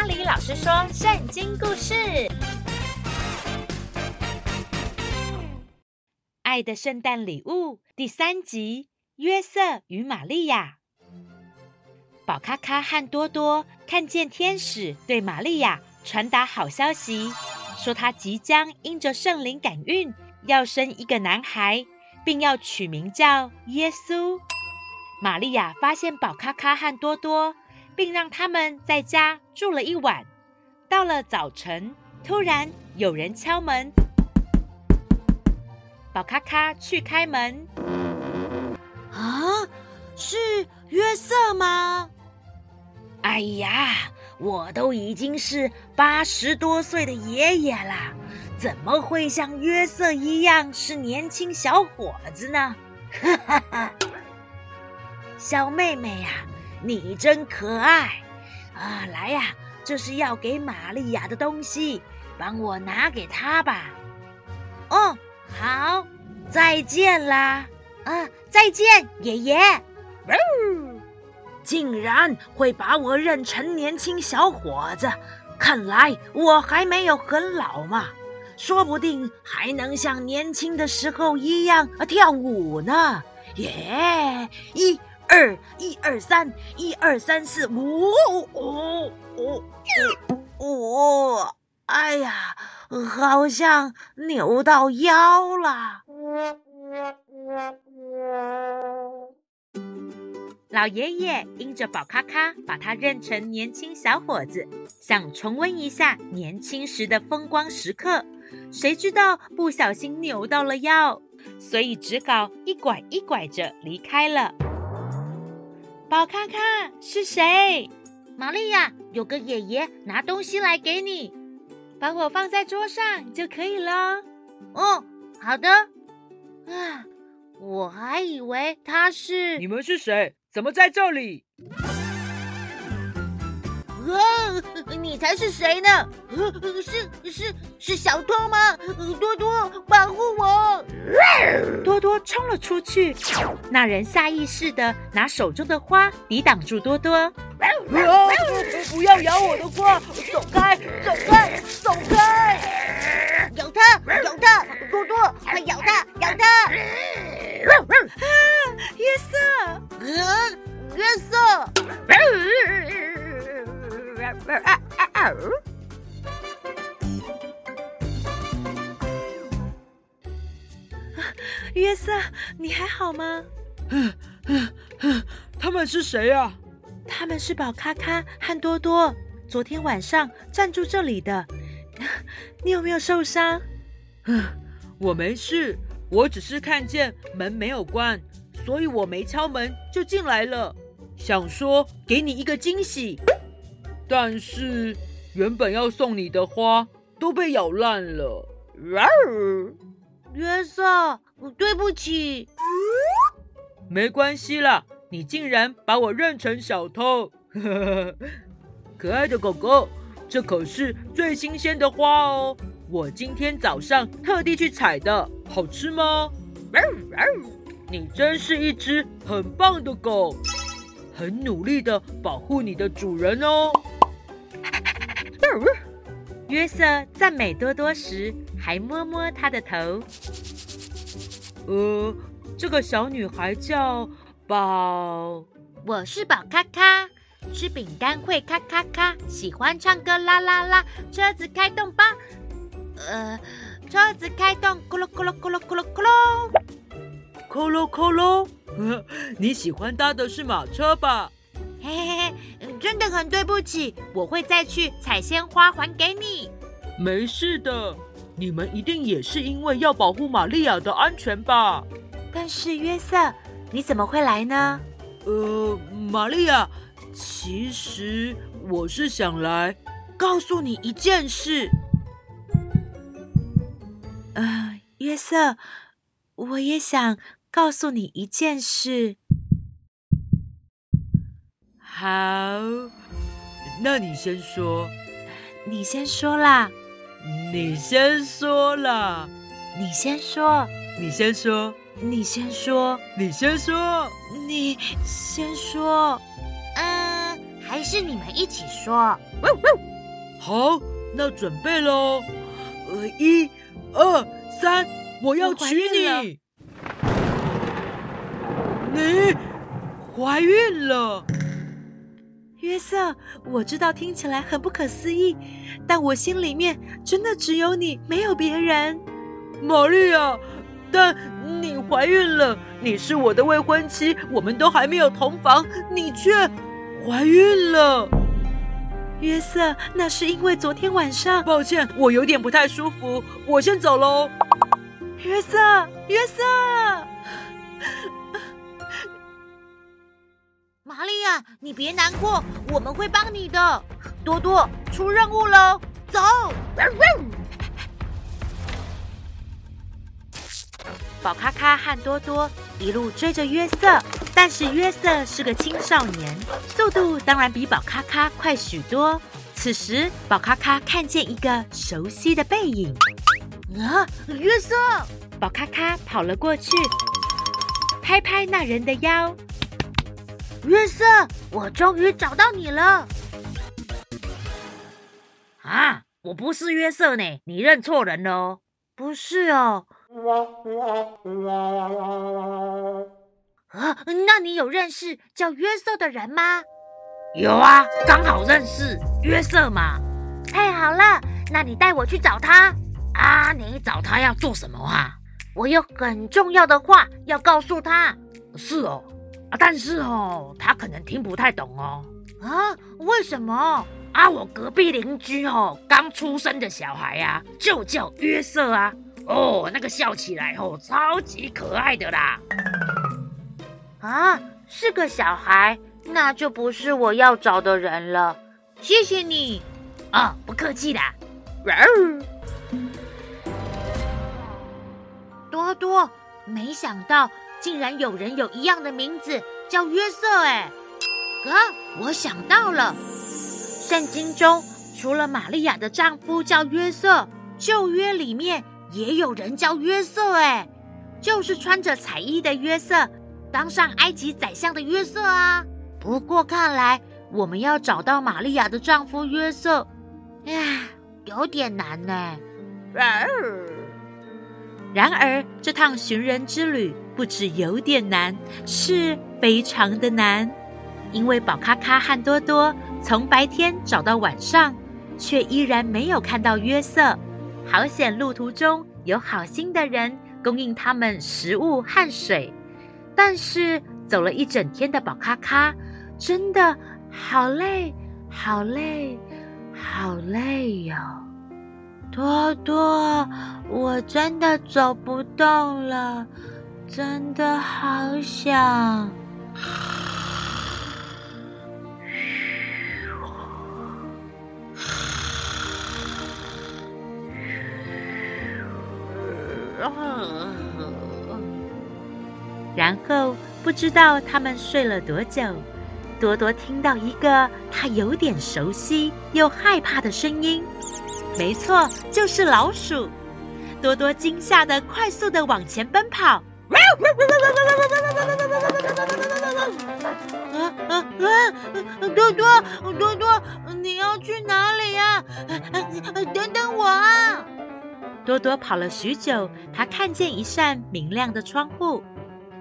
阿里老師說：“聖經故事，《愛的聖誕禮物》第三集，《約瑟與瑪利亞》。寶咖咖和多多看見天使對瑪利亞傳達好消息，說他即將因着聖靈感孕要生一個男孩，並要取名叫耶穌。瑪利亞發現寶咖咖和多多。”並讓他們在家住了一晚。到了早晨，突然有人敲門，寶咖咖去開門。啊，是約瑟嗎？哎呀，我都已經是八十多歲的爺爺了，怎麼會像約瑟一樣是年輕小伙子呢？哈哈哈！小妹妹呀、啊。你真可愛，啊，來呀、啊，這是要給瑪利亞的東西，幫我拿給她吧。哦，好，再見啦，啊、呃，再見，爺爺、嗯。竟然會把我認成年輕小伙子，看來我還沒有很老嘛，說不定還能像年輕的時候一樣、啊、跳舞呢。耶，咦。二一二三一二三四五五五五，哎呀，好像扭到腰了。老爺爺盯著寶咔咔，把他認成年輕小伙子，想重溫一下年輕時的風光時刻，誰知道不小心扭到了腰，所以只好一拐一拐着離開了。寶，看看是誰？瑪利亞，有個爺爺拿東西來給你。把我放在桌上就可以了。哦，好的。啊，我還以為他是……你們是誰？怎麼在這裡？啊、你才是誰呢？是是是小偷嗎？多多保護我！多多衝了出去，那人下意識的拿手中的花抵擋住多多、啊。不要咬我的花，走開，走開，走開！咬他咬他，多多，快咬他咬他。啊，約瑟，約瑟啊啊、約瑟，你還好嗎？他們是誰啊？他們是寶咖咖和多多，昨天晚上暫住這裡的、啊。你有沒有受傷、啊？我沒事，我只是看見門沒有關，所以我沒敲門就進來了，想說給你一個驚喜。但是，原本要送你的花都被咬爛了。約瑟，對不起。沒關係啦。你竟然把我認成小偷。 可愛的狗狗，這可是最新鮮的花哦！我今天早上特地去採的，好吃嗎？呃呃。你真是一隻很棒的狗，很努力地保護你的主人哦。約瑟讚美多多時，還摸摸她的頭。呃，這個小女孩叫寶。我是寶咖咖，吃餅乾會咔咔咔，喜歡唱歌啦啦啦，車子開動吧。呃，車子開動，咕嚕咕嚕咕嚕咕嚕咕嚕。咕嚕咕嚕。你喜歡搭的是馬車吧？嘿嘿嘿嘿，真的很對不起，我會再去採鮮花還給你。沒事的，你們一定也是因為要保護瑪利亞的安全吧？但是約瑟，你怎麼會來呢？呃，瑪利亞，其實我是想來告訴你一件事。呃，約瑟，我也想告訴你一件事。好，那你先說。你先說啦。你先說啦。你先說。你先說。你先說。你先說。你先說。你先說。嗯，還是你們一起說。好，那準備嘍。一、二、三，我要娶你。你懷孕了。約瑟，我知道聽起來很不可思議，但我心裡面真的只有你，沒有別人。瑪利亞，但你懷孕了，你是我的未婚妻，我們都還沒有同房，你卻懷孕了。約瑟，那是因為昨天晚上……抱歉，我有點不太舒服，我先走嘍。約瑟，約瑟。 瑪利亞，你別難過，我們會幫你的。多多出任務嘍，走！寶咖咖和多多一路追着約瑟，但是約瑟是個青少年，速度當然比寶咖咖快許多。此時，寶咖咖看見一個熟悉的背影，啊，約瑟！寶咖咖跑了過去，拍拍那人的腰。約瑟，我終於找到你了！啊，我不是約瑟呢，你認錯人了哦。不是哦。啊，那你有認識叫約瑟的人嗎？有啊，剛好認識約瑟嘛。太好了，那你帶我去找他。啊，你找他要做什麼啊？我有很重要的話要告訴他。是哦。啊，但是哦，他可能聽不太懂哦。啊，為什麼？啊，我隔壁鄰居哦，剛出生的小孩呀，啊，就叫約瑟啊。哦，那個笑起來哦，超級可愛的啦。啊，是個小孩，那就不是我要找的人了。謝謝你，啊，不客氣啦。嗚。多多，沒想到。竟然有人有一樣的名字叫約瑟哎，哥、啊，我想到了，聖經中除了瑪利亞的丈夫叫約瑟，舊約裡面也有人叫約瑟哎，就是穿着彩衣的約瑟，當上埃及宰相的約瑟啊。不過看來我們要找到瑪利亞的丈夫約瑟，哎，有點難呢、呃。然而，然而這趟尋人之旅。不止有點難，是非常的難，因為寶咔咔和多多從白天找到晚上，卻依然沒有看到約瑟。好險，路途中有好心的人供應他們食物和水，但是走了一整天的寶咔咔，真的好累，好累，好累喲、哦！多多，我真的走不動了。真的好想。然後不知道他們睡了多久，多多聽到一個他有點熟悉又害怕的聲音。沒錯，就是老鼠。多多驚嚇的快速的往前奔跑。啊啊啊！多多，多多，你要去哪裡呀、啊？等等我啊。多多跑了許久，他看見一扇明亮的窗戶，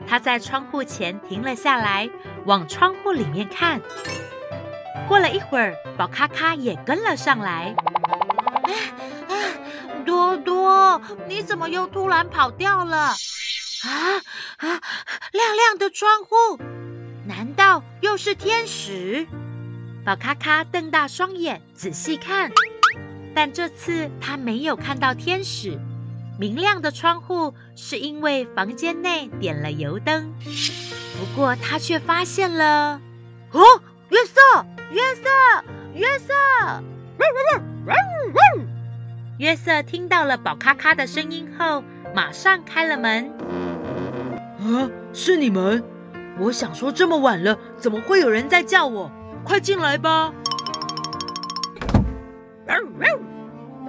他在窗戶前停了下來，往窗戶裡面看。過了一會兒，寶咖咖也跟了上來。啊啊，多多，你怎麼又突然跑掉了？啊啊！亮亮的窗戶，難道又是天使？寶咖咖瞪大雙眼，仔細看，但這次他沒有看到天使。明亮的窗戶是因為房間內點了油燈，不過他卻發現了哦，約瑟，約瑟，約瑟，約約約約約！約瑟聽到了寶咖咖的聲音後，馬上開了門。啊，是你們！我想說，這麼晚了，怎麼會有人在叫我？快進來吧。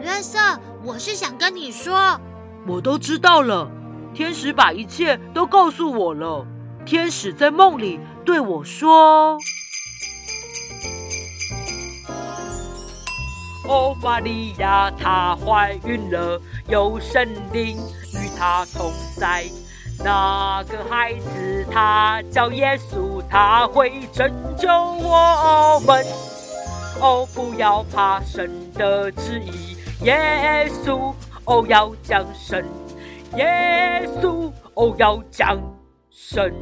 約瑟，我是想跟你說，我都知道了。天使把一切都告訴我了。天使在夢裡對我說：“喔，瑪利亞，她懷孕了，有聖靈與她同在。”那個孩子他叫耶穌，他會拯救我們哦！不要怕神的旨意，耶穌哦要講神，耶穌哦要講神。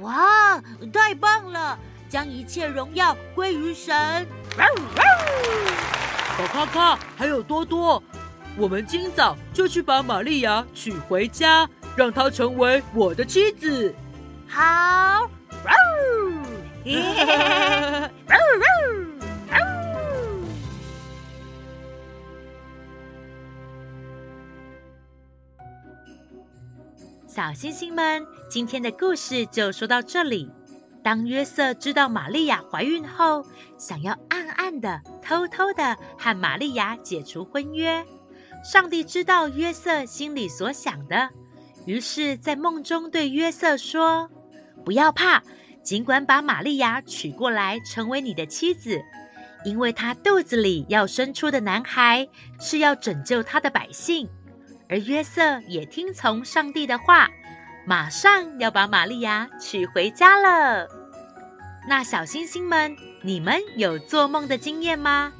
哇，太棒了！將一切榮耀歸於神。哇哇！寶咖咖，還有多多，我們今早就去把瑪利亞娶回家。讓她成為我的妻子。好，嗚、呃，嘿嘿、呃呃呃呃。小星星們，今天的故事就說到這裡。當約瑟知道瑪利亞懷孕後，想要暗暗的、偷偷的和瑪利亞解除婚約。上帝知道約瑟心裡所想的。於是，在夢中對約瑟說：“不要怕，盡管把瑪利亞娶過來成為你的妻子，因為她肚子裡要生出的男孩是要拯救她的百姓。”而約瑟也聽從上帝的話，馬上要把瑪利亞娶回家了。那小星星們，你們有做夢的經驗嗎？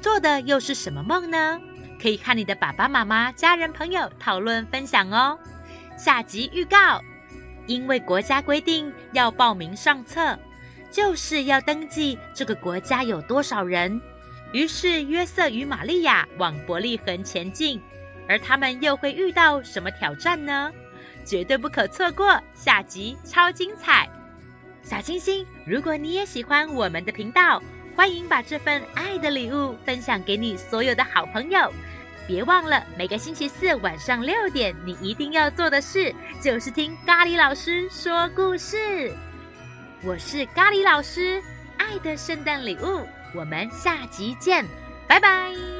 做的又是什麼夢呢？可以看你的爸爸媽媽、家人、朋友討論分享哦。下集預告：因為國家規定要報名上冊，就是要登記這個國家有多少人。於是約瑟與瑪利亞往伯利恆前進，而他們又會遇到什麼挑戰呢？絕對不可錯過下集，超精彩！小星星，如果你也喜歡我們的頻道，歡迎把這份愛的禮物分享給你所有的好朋友。別忘了，每個星期四晚上六點，你一定要做的事就是聽咖喱老師說故事。我是咖喱老師，愛的聖誕禮物，我們下集見，拜拜。